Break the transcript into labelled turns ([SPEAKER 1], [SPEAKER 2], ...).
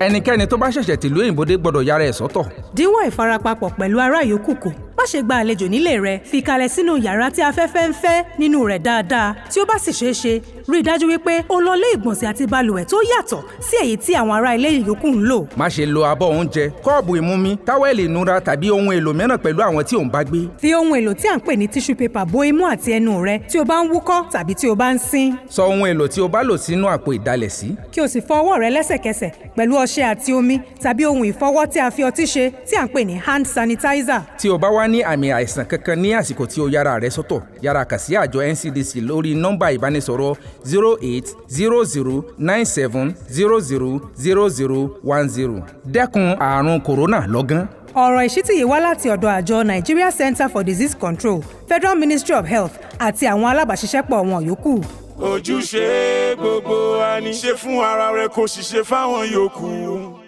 [SPEAKER 1] ẹnikẹ́ni tó bá ṣẹ̀ṣẹ̀ tìlú òyìnbó dé gbọ́dọ̀ yára ẹ̀ sọ́tọ̀.
[SPEAKER 2] díwọ́ ìfarapapọ̀ pẹ̀lú ará yòókù kù má ṣe gba àlejò nílé rẹ fi kalẹ̀ sínú yàrá tí afẹ́fẹ́ ń fẹ́ nínú rẹ̀ dáadáa tí ó bá sì ṣeé ṣe rí i dájú wípé o lọ lé ìgbọ̀nsẹ̀ àti balùwẹ̀ tó yàtọ̀ sí èyí tí
[SPEAKER 1] àwọn ará ilé yòókù ń lò. má ṣe lo abọ́ oúnjẹ kọ́ọ̀bù ìmumi táwẹ́ẹ̀lì ìnura tàbí ohun èlò mìíràn pẹ̀lú àwọn tí ò ń bá gbé. fi ohun èlò tí à ń pè ní tissue paper bo imú àti ẹnu rẹ tí o bá ń wúkọ́
[SPEAKER 2] tàbí tí o bá ń sín.
[SPEAKER 1] sọ ohun èlò tí o bá lò sínú àpò ìdalẹ̀sí.
[SPEAKER 2] kí o sì fọ ọwọ́ rẹ lẹ́sẹ̀kẹsẹ̀ pẹ̀lú ọṣẹ àti omi tàbí ohun ìfọwọ́ tí a fi ọtí ṣe tí à hand sanitizer.
[SPEAKER 1] tí o bá bá ní àmì àìsàn kankan ní àsìkò tí o yára rẹ sọ́tọ̀ yára kà sí àjọ NCDC lórí nọ́mbà ìbánisọ̀rọ̀ zero eight zero zero nine seven zero zero zero zero one zero dẹ́kun àrùn kòrónà lọ́gán.
[SPEAKER 2] ọ̀rọ̀ ìṣítí yìí wá láti ọ̀dọ̀ àjọ Nigeria Center for Disease Control Federal Ministry of Health àti àwọn alábàáṣiṣẹ́pọ̀ wọn yòókù
[SPEAKER 1] ojúṣe gbogbo wa ni ṣe fún ara rẹ kò sì ṣe fáwọn yòókù.